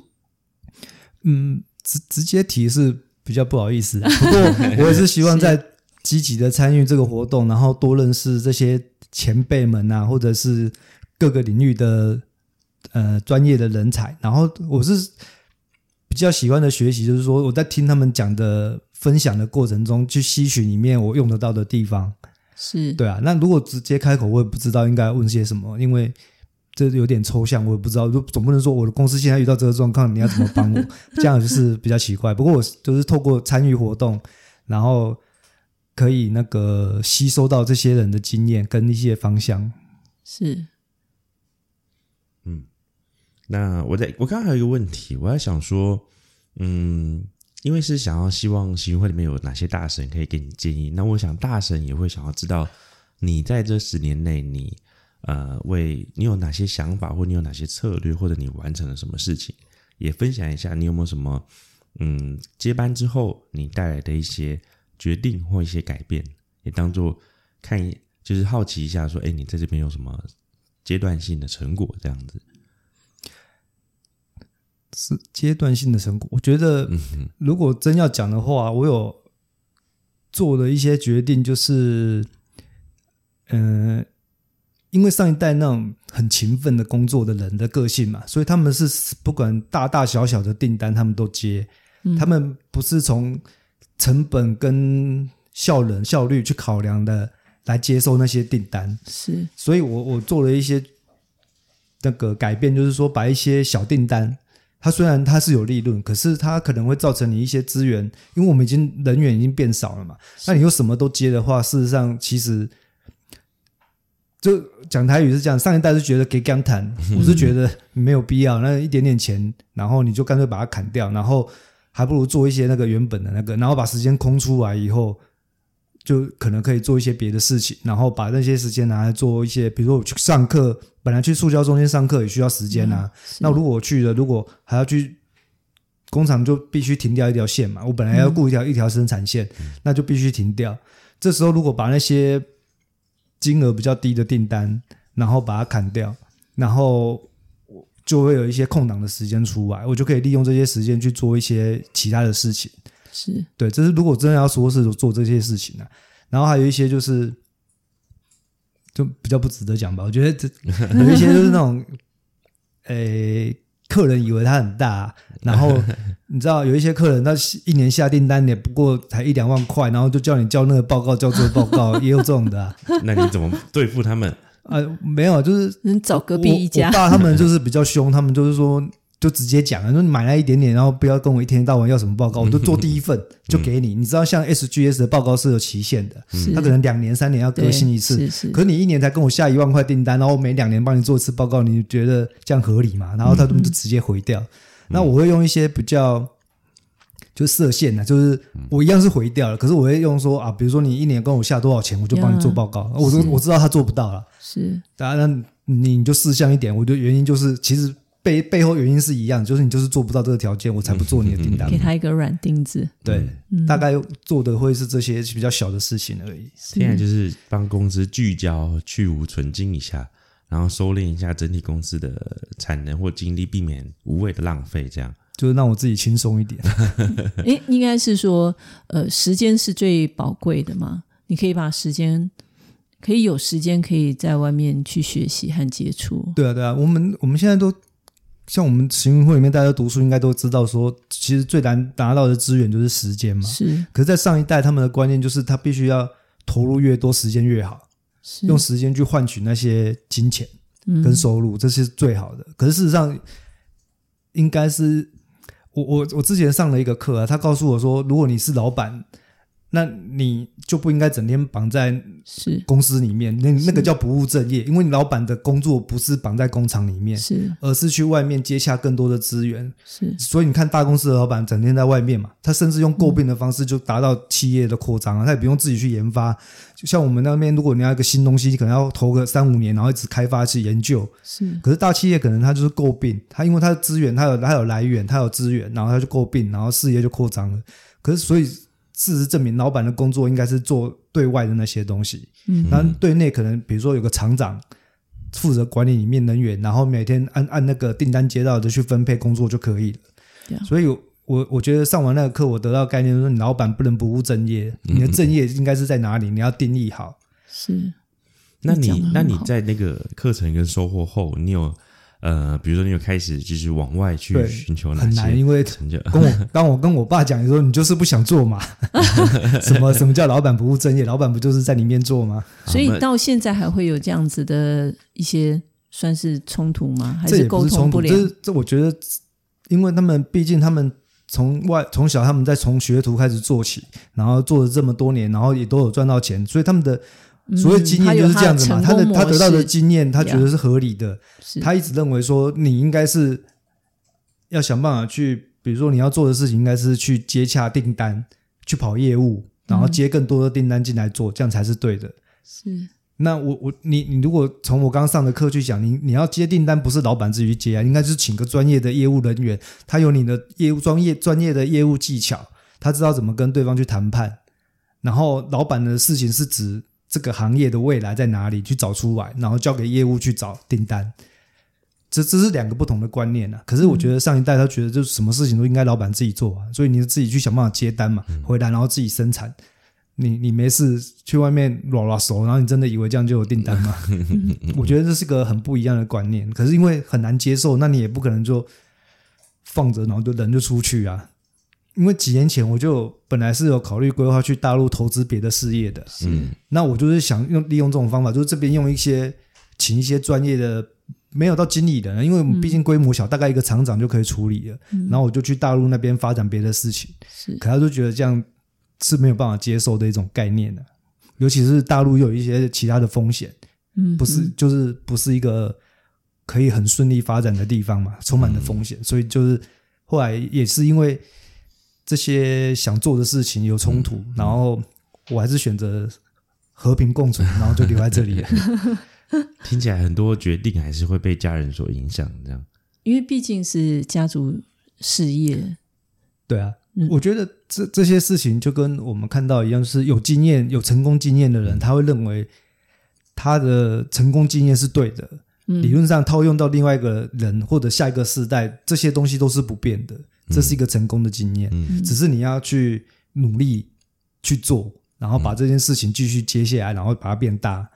嗯。直直接提是比較不好意思，啊，不過我也是希望在積極的參與這個活動， 是然後多認識這些前輩們啊，或者是各個領域的呃專業的人才。然後我是比較喜歡的學習，就是說我在聽他們講的分享的過程中，去吸取裡面我用得到的地方。是，對啊，那如果直接開口，我也不知道應該問些什麼，因為。這有點抽象，我也不知道。就總不能說我的公司現在遇到這個狀況，你要怎麼幫我？這樣就是比較奇怪。 不過我就是透過參與活動，然後可以那個吸收到這些人的經驗跟一些方向。是，嗯。那我在，我剛剛還有一個問題，我在想說，嗯，因為是想要希望行雲會裡面有哪些大神可以給你建議。那我想大神也會想要知道你在這十年內你。呃，為你有哪些想法，或你有哪些策略，或者你完成了什麼事情，也分享一下你有沒有什麼，嗯，接班之後你帶來的一些決定或一些改變，也當做看一，就是好奇一下，說，哎、欸，你在這邊有什麼階段性的成果？這樣子。是階段性的成果。我覺得，如果真要講的話，我有做的一些決定，就是，嗯、呃。因為上一代那種很勤奮的工作的人的個性嘛，所以他們是不管大大小小的訂單他們都接，嗯、他們不是從成本跟效能效率去考量的來接受那些訂單。是，所以我我做了一些那個改變，就是說把一些小訂單，它雖然它是有利潤，可是它可能會造成你一些資源，因為我們已經人員已經變少了嘛，是那你又什麼都接的話，事實上其實。就講台語是這樣，上一代是覺得給干談，我是覺得沒有必要，那一點點錢，然後你就乾脆把它砍掉，然後還不如做一些那個原本的那個，然後把時間空出來以後，就可能可以做一些別的事情，然後把那些時間拿來做一些，比如說我去上課，本來去塑膠中心上課也需要時間啊，嗯、那如果我去了，如果還要去工廠，就必須停掉一條線嘛，我本來要雇一條一條生產線，嗯、那就必須停掉，這時候如果把那些。金額比較低的訂單，然後把它砍掉，然後就會有一些空檔的時間出來，我就可以利用這些時間去做一些其他的事情。是對，這是如果真的要說是做這些事情呢、啊，然後還有一些就是，就比較不值得講吧。我覺得這有一些就是那種，誒、 欸。客人以為他很大，然後你知道有一些客人，他一年下訂單也不過才一兩萬塊，然後就叫你交那個報告，交這個報告， 也有這種的、啊。那你怎麼對付他們？啊、沒有，就是能找隔壁一家。爸他們就是比較兇， 他們就是說。就直接講了說你買了一點點，然後不要跟我一天到晚要什麼報告，我就做第一份就給你。 嗯、你知道，像 SGS 的報告是有期限的，他是可能兩年、三年要更新一次。是是可是你一年才跟我下一萬塊訂單，然後每兩年幫你做一次報告，你覺得這樣合理嗎？然後他們就直接回掉。嗯、那我會用一些比較就設限的，就是我一樣是回掉了。可是我會用說啊，比如說你一年跟我下多少錢，我就幫你做報告。我說我知道他做不到了。是。當然、啊，你就試項一點，我的原因就是其實。背背後原因是一樣，就是你就是做不到這個條件，我才不做你的訂單。給他一個軟釘子，對，嗯、大概做的會是這些比較小的事情而已。現在就是幫公司聚焦、去蕪存菁一下，然後收斂一下整體公司的產能或精力，避免無謂的浪費。這樣就是讓我自己輕鬆一點。哎 欸，應該是說，呃，時間是最寶貴的嘛。你可以把時間，可以有時間，可以在外面去學習和接觸。對啊，對啊，我們我們現在都。像我們行雲會裡面，大家都讀書應該都知道說，說其實最難達到的資源就是時間嘛。是，可是，在上一代他們的觀念就是，他必須要投入越多時間越好，是用時間去換取那些金錢跟收入，嗯、這是最好的。可是，事實上，應該是我我我之前上了一個課啊，他告訴我說，如果你是老闆。那你就不應該整天綁在是公司裡面，是那那個叫不務正業，是因為你老板的工作不是綁在工廠裡面，是而是去外面接洽更多的資源，是。所以你看大公司的老板整天在外面嘛，他甚至用購併的方式就達到企業的擴張啊，嗯、他也不用自己去研發。就像我們那邊，如果你要一個新東西，你可能要投個三五年，然後一直開發去研究。是。可是大企業可能他就是購併，他因為他的資源，他有他有來源，他有資源，然後他就購併，然後事業就擴張了。可是所以。事實證明，老闆的工作應該是做對外的那些東西。嗯，然後對內可能，比如說有個廠長負責管理裡面人員，然後每天按按那個訂單接到的去分配工作就可以了。嗯、所以我，我我覺得上完那個課，我得到概念就是，你老闆不能不務正業，嗯、你的正業應該是在哪裡，你要定義好。是，你那你那你在那個課程跟收穫後，你有？呃，比如說你又開始繼續往外去尋求那些，很難，因為跟我，當我跟我爸講的時候，你就是不想做嘛， 什麼什麼叫老闆不務正業，老闆不就是在裡面做嗎？ 所以到現在還會有這樣子的一些算是衝突嗎？還是溝通不了、就是？這我覺得，因為他們畢竟他們從外從小他們在從學徒開始做起，然後做了這麼多年，然後也都有賺到錢，所以他們的。所以經驗就是這樣子嘛，它它的他的他得到的經驗，是他覺得是合理的，他一直認為說你應該是要想辦法去，比如說你要做的事情應該是去接洽訂單，去跑業務，然後接更多的訂單進來做，嗯、這樣才是對的。是。那我我你你如果從我剛剛上的課去講，你你要接訂單不是老闆自己去接啊，應該就是請個專業的業務人員，他有你的業務專業專業的業務技巧，他知道怎麼跟對方去談判，然後老闆的事情是指，這個行業的未來在哪裡？去找出來，然後交給業務去找訂單。這這是兩個不同的觀念啊！可是我覺得上一代他覺得就什麼事情都應該老闆自己做啊，所以你就自己去想辦法接單嘛，回來然後自己生產。你你沒事去外面拉拉手，然後你真的以為這樣就有訂單嗎？ 我覺得這是個很不一樣的觀念。可是因為很難接受，那你也不可能就放着，然後就人就出去啊。因為幾年前我就本來是有考慮規劃去大陸投資別的事業的，嗯是，那我就是想用利用這種方法，就是這邊用一些請一些專業的沒有到經理的，因為我們畢竟規模小，嗯、大概一個廠長就可以處理了。嗯、然後我就去大陸那邊發展別的事情，是，可他就覺得這樣是沒有辦法接受的一種概念、啊、尤其是大陸有一些其他的風險，嗯哼，不是就是不是一個可以很順利發展的地方嘛，充滿了風險，嗯、所以就是後來也是因為。這些想做的事情有衝突，嗯嗯、然後我還是選擇和平共存，嗯、然後就留在這裡了。聽起來很多決定還是會被家人所影響，這樣。因為畢竟是家族事業、嗯。對啊，嗯、我覺得這這些事情就跟我們看到一樣，就是有經驗、有成功經驗的人，嗯、他會認為他的成功經驗是對的。嗯、理論上套用到另外一個人或者下一個世代，這些東西都是不變的。這是一個成功的經驗，嗯、只是你要去努力去做，嗯、然後把這件事情繼續接下來，嗯、然後把它變大。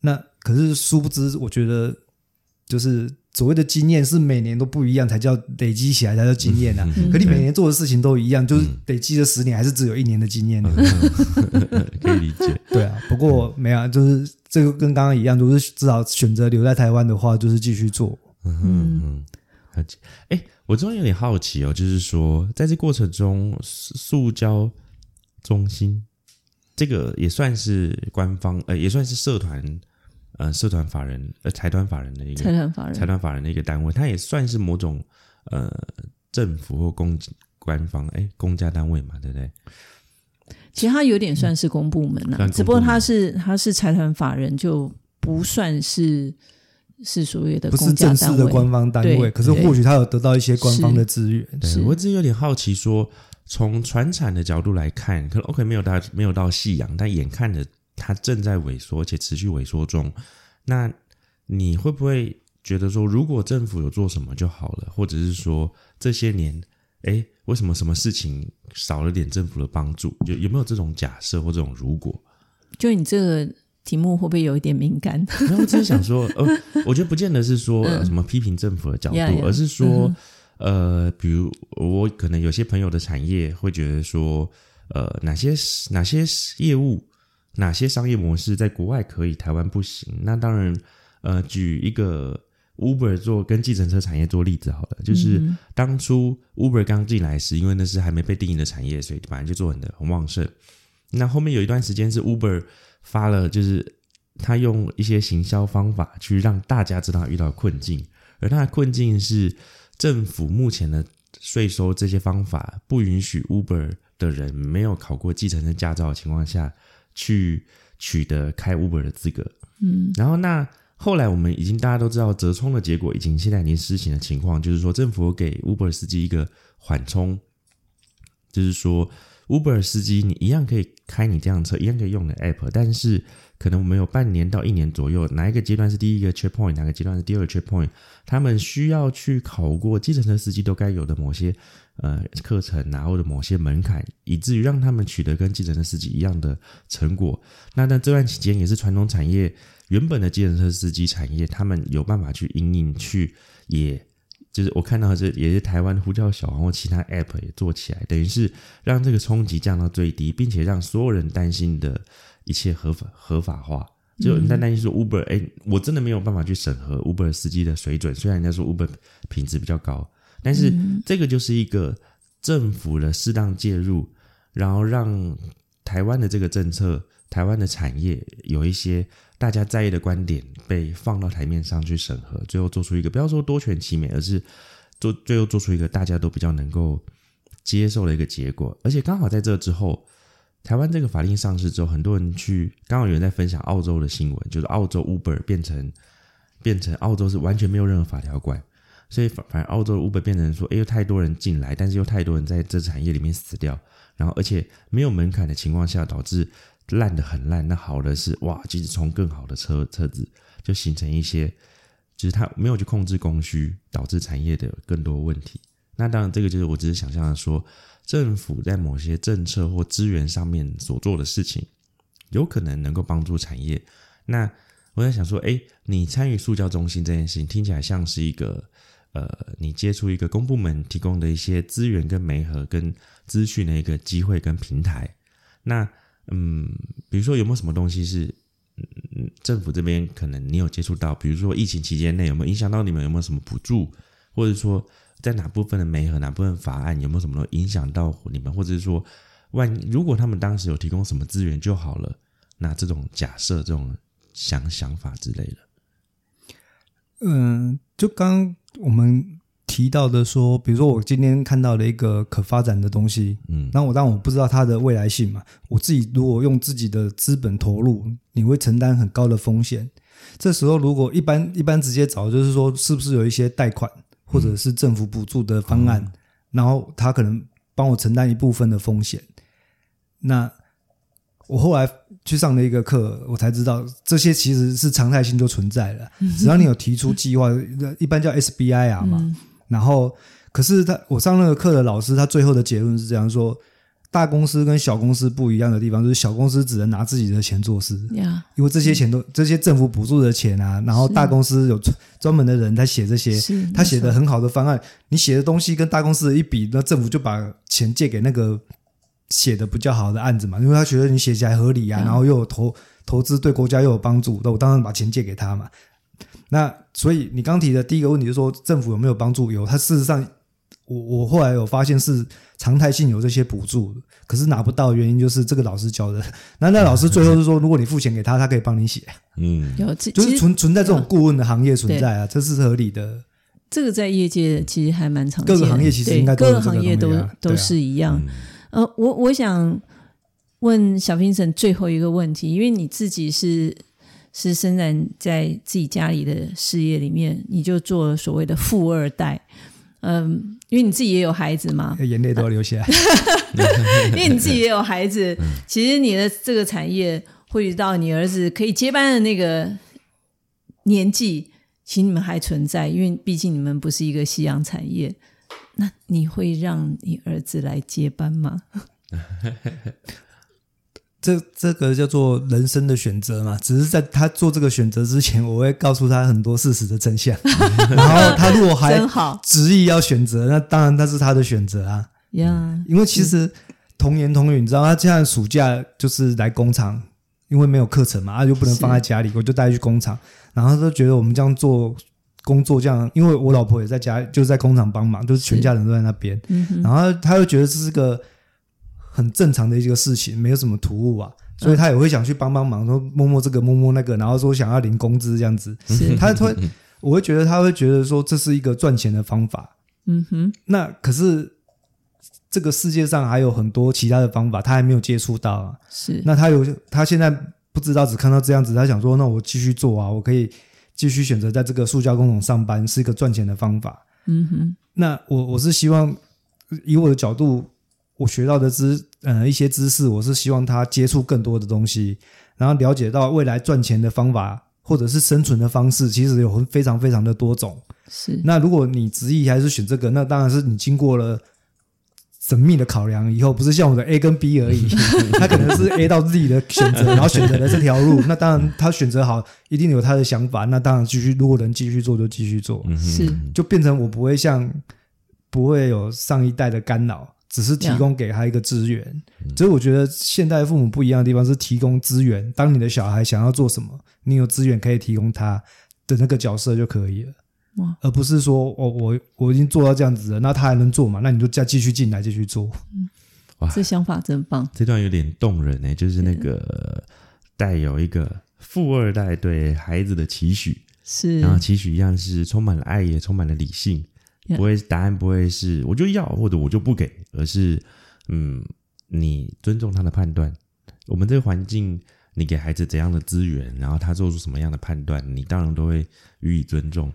那可是殊不知，我覺得就是所謂的經驗是每年都不一樣，才叫累積起來才叫經驗啊。嗯、可你每年做的事情都一樣，嗯、就是累積了十年，還是只有一年的經驗呢？嗯、 可以理解，對啊。不過沒有，就是這個跟剛剛一樣，就是至少選擇留在台灣的話，就是繼續做。嗯嗯。嗯哎，我突然有點好奇哦，就是說，在這過程中，塑膠中心這個也算是官方，呃，也算是社團，呃，社團法人，呃，財團法人的一個財團法人，財團法人的一個單位，它也算是某種呃政府或公官方，哎，公家單位嘛，對不對？其實它有點算是公部門吶，啊，嗯，算是公部門，只不過它是它是財團法人，就不算是。是屬於的不是正式的官方單位，對可是或許他有得到一些官方的資源。對是是，我真有點好奇說，說從傳產的角度來看，可能 OK 沒有到沒有到夕陽，但眼看着它正在萎縮且持續萎縮中。那你會不會覺得說，如果政府有做什麼就好了，或者是說這些年，哎、欸，為什麼什麼事情少了點政府的幫助？有有沒有這種假設或這種如果？就你這個。題目會不會有一點敏感？沒有，我只是想說， 呃，我覺得不見得是說、 呃、什麼批評政府的角度，嗯、而是說，嗯、哼呃，比如我可能有些朋友的產業會覺得說，呃，哪些哪些業務、哪些商業模式在國外可以，台灣不行。那當然，呃，舉一個 Uber 做跟計程車產業做例子好了，就是當初 Uber 剛進來時，因為那是還沒被定義的產業，所以反正就做很的很旺盛。那後面有一段時間是 Uber。發了，就是他用一些行銷方法去讓大家知道他遇到困境，而他的困境是政府目前的稅收這些方法不允許 Uber 的人沒有考過計程車駕照的情況下去取得開 Uber 的資格。嗯，然後那後來我們已經大家都知道折衝的結果，已經現在已經施行的情況，就是說政府給 Uber 司機一個緩衝，就是說。Uber 司機，你一樣可以開你這輛車，一樣可以用的 App，但是可能我們有半年到一年左右，哪一個階段是第一個 check point，哪個階段是第二個 check point，他們需要去考過計程車司機都該有的某些，呃，課程，然後的某些門檻，以至於讓他們取得跟計程車司機一樣的成果。那在這段期間，也是傳統產業原本的計程車司機產業，他們有辦法去因應去也。就是我看到是也是台灣呼叫小黃或其他 App 也做起來，等於是讓這個衝擊降到最低，並且讓所有人擔心的一切合法合法化。就人家擔心說 Uber，哎、欸，我真的沒有辦法去審核 Uber 司機的水準。雖然人家說 Uber 品質比較高，但是這個就是一個政府的適當介入，然後讓台灣的這個政策、台灣的產業有一些。大家在意的觀點被放到台面上去審核，最後做出一個不要說多全其美，而是做最後做出一個大家都比較能夠接受的一個結果。而且剛好在這之後，台灣這個法令上市之後，很多人去剛好有人在分享澳洲的新聞，就是澳洲 Uber 變成變成澳洲是完全沒有任何法條管。所以反反而澳洲的 Uber 變成說，哎、欸、有太多人進來，但是又太多人在這產業裡面死掉，然後而且沒有門檻的情況下，導致爛得很爛。那好的是，哇，即使從更好的車車子，就形成一些，就是它沒有去控制供需，導致產業的更多問題。那當然，這個就是我只是想象的說，政府在某些政策或資源上面所做的事情，有可能能夠幫助產業。那我在想說，哎、欸，你參與塑膠中心這件事情，聽起來像是一個。呃，你接觸一個公部門提供的一些資源跟媒合跟資訊的一個機會跟平台，那嗯，比如說有沒有什麼東西是、嗯、政府這邊可能你有接觸到？比如說疫情期間內有沒有影響到你們？有沒有什麼補助？或者說在哪部分的媒合、哪部分法案有沒有什麼影響到你們？或者是說萬，萬一如果他們當時有提供什麼資源就好了。那這種假設、這種想想法之類的，嗯。就剛剛我們提到的說，比如說我今天看到了一個可發展的東西，嗯，那我但我不知道它的未來性嘛，我自己如果用自己的資本投入，你會承擔很高的風險。這時候如果一般一般直接找，就是說是不是有一些貸款或者是政府補助的方案，嗯，然後他可能幫我承擔一部分的風險。那我後來。去上了一個課，我才知道這些其實是常態性都存在的。嗯、哼只要你有提出計劃，嗯、哼一般叫 SBI 啊嘛。嗯、然後，可是他我上那個課的老師，他最後的結論是這樣說：大公司跟小公司不一樣的地方，就是小公司只能拿自己的錢做事，嗯、因為這些錢都、嗯、這些政府補助的錢啊。然後大公司有專門的人他寫這些，是他寫的很好的方案，你寫的東西跟大公司的一比，那政府就把錢借給那個。寫的比較好的案子嘛，因為他覺得你寫起來合理啊，Yeah. 然後又有投投資對國家又有幫助，那我當然把錢借給他嘛。那所以你剛提的第一個問題就是說政府有沒有幫助？有，他事實上，我我後來有發現是常態性有這些補助，可是拿不到的原因就是這個老師教的。Yeah. 那那老師最後是說，如果你付錢給他， 他可以幫你寫。嗯，有就是存實存在這種顧問的行業存在啊，對這是合理的。這個在業界其實還蠻常見，各個行業其實應該、啊、各個行業都都是一樣。呃，我我想問小 Vincent 最後一個問題，因為你自己是是生長在自己家裡的事業裡面，你就做了所謂的富二代，嗯，因為你自己也有孩子嘛，眼淚都流下來，呃、 因為你自己也有孩子， 其實你的這個產業會到你兒子可以接班的那個年紀，其實你們還存在，因為畢竟你們不是一個夕陽產業。那你會讓你兒子來接班嗎？這這個叫做人生的選擇嘛，只是在他做這個選擇之前，我會告訴他很多事實的真相。 然後他如果還執意要選擇，好那當然那是他的選擇啊。呀 Yeah,、嗯，因為其實童言童語，你知道對他現在暑假就是來工廠，因為沒有課程嘛，他、啊、就不能放在家裡，是我就帶他去工廠，然後他就覺得我們這樣做。工作這樣，因為我老婆也在家，就在工廠幫忙，就是全家人都在那邊。嗯、然後他又覺得這是個很正常的一個事情，沒有什麼突兀啊，所以他也會想去幫幫忙，說摸摸這個，摸摸那個，然後說想要領工資這樣子。是他會，我會覺得他會覺得說這是一個賺錢的方法。嗯哼，那可是這個世界上還有很多其他的方法，他還沒有接觸到啊。是，那他有，他現在不知道，只看到這樣子，他想說，那我繼續做啊，我可以。繼續選擇在這個塑膠工廠上班是一個賺錢的方法。嗯哼，那我我是希望以我的角度，我學到的知呃一些知識，我是希望他接觸更多的東西，然後了解到未來賺錢的方法或者是生存的方式，其實有非常非常的多種。是，那如果你執意還是選這個，那當然是你經過了。縝密的考量，以後不是像我的 A 跟 B 而已，他可能是 A 到 Z 的選擇， 然後選擇了這條路，那當然他選擇好，一定有他的想法，那當然繼續，如果能繼續做就繼續做，是，就變成我不會像，不會有上一代的干擾，只是提供給他一個資源。Yeah. 嗯、所以我覺得現代父母不一樣的地方是提供資源，當你的小孩想要做什麼，你有資源可以提供他的那個角色就可以了。而不是說，哦，我我已經做到這樣子了，那他還能做嗎？那你就再繼續進來，繼續做。嗯，哇，這想法真棒。這段有點動人呢、欸，就是那個帶有一個富二代對孩子的期許，是，然後期許一樣是充滿了愛，也充滿了理性，嗯、不會答案不會是我就要，或者我就不給，而是，嗯，你尊重他的判斷。我們這個環境，你給孩子怎樣的資源，然後他做出什麼樣的判斷，你當然都會予以尊重。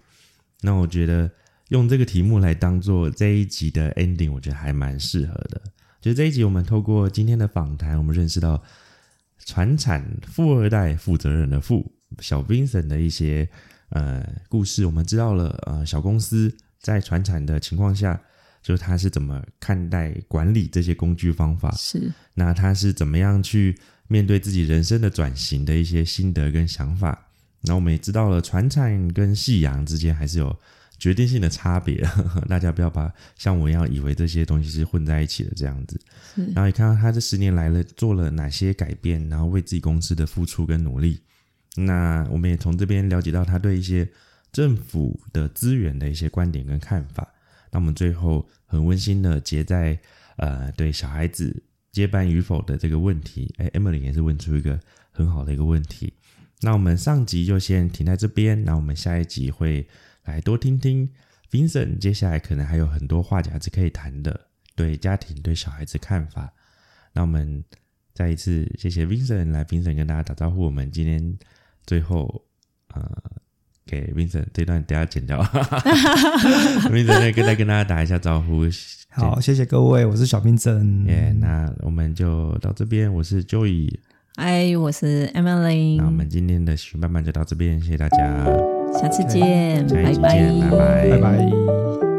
那我覺得用這個題目來當做這一集的 ending，我覺得還蠻適合的。就這一集，我們透過今天的訪談，我們認識到傳產負二代負責任的負小 Vincent 的一些呃故事，我們知道了呃小公司在傳產的情況下，就是他是怎麼看待管理這些工具方法，是那他是怎麼樣去面對自己人生的轉型的一些心得跟想法。那我們也知道了，傳產跟夕陽之間還是有決定性的差別呵呵，大家不要把像我一樣以為這些東西是混在一起的這樣子。是然後也看到他這十年來了做了哪些改變，然後為自己公司的付出跟努力。那我們也從這邊了解到他對一些政府的資源的一些觀點跟看法。那我們最後很溫馨的結在呃，對小孩子接班與否的這個問題，哎、欸、，Emily 也是問出一個很好的一個問題。那我們上集就先停在這邊，那我們下一集會來多聽聽 Vincent，接下來可能還有很多話講還是可以談的，對家庭、對小孩子看法。那我們再一次謝謝 Vincent 來 Vincent 跟大家打招呼。我們今天最後呃，給 Vincent 這段等下剪掉，Vincent 再跟大跟大家打一下招呼。 好，謝謝各位，我是小 Vincent。Yeah, 那我們就到這邊，我是 Joey。嗨，Hi, 我是 Emily 那我們今天的行雲伴拌就到這邊，謝謝大家，下次見，拜拜，拜拜。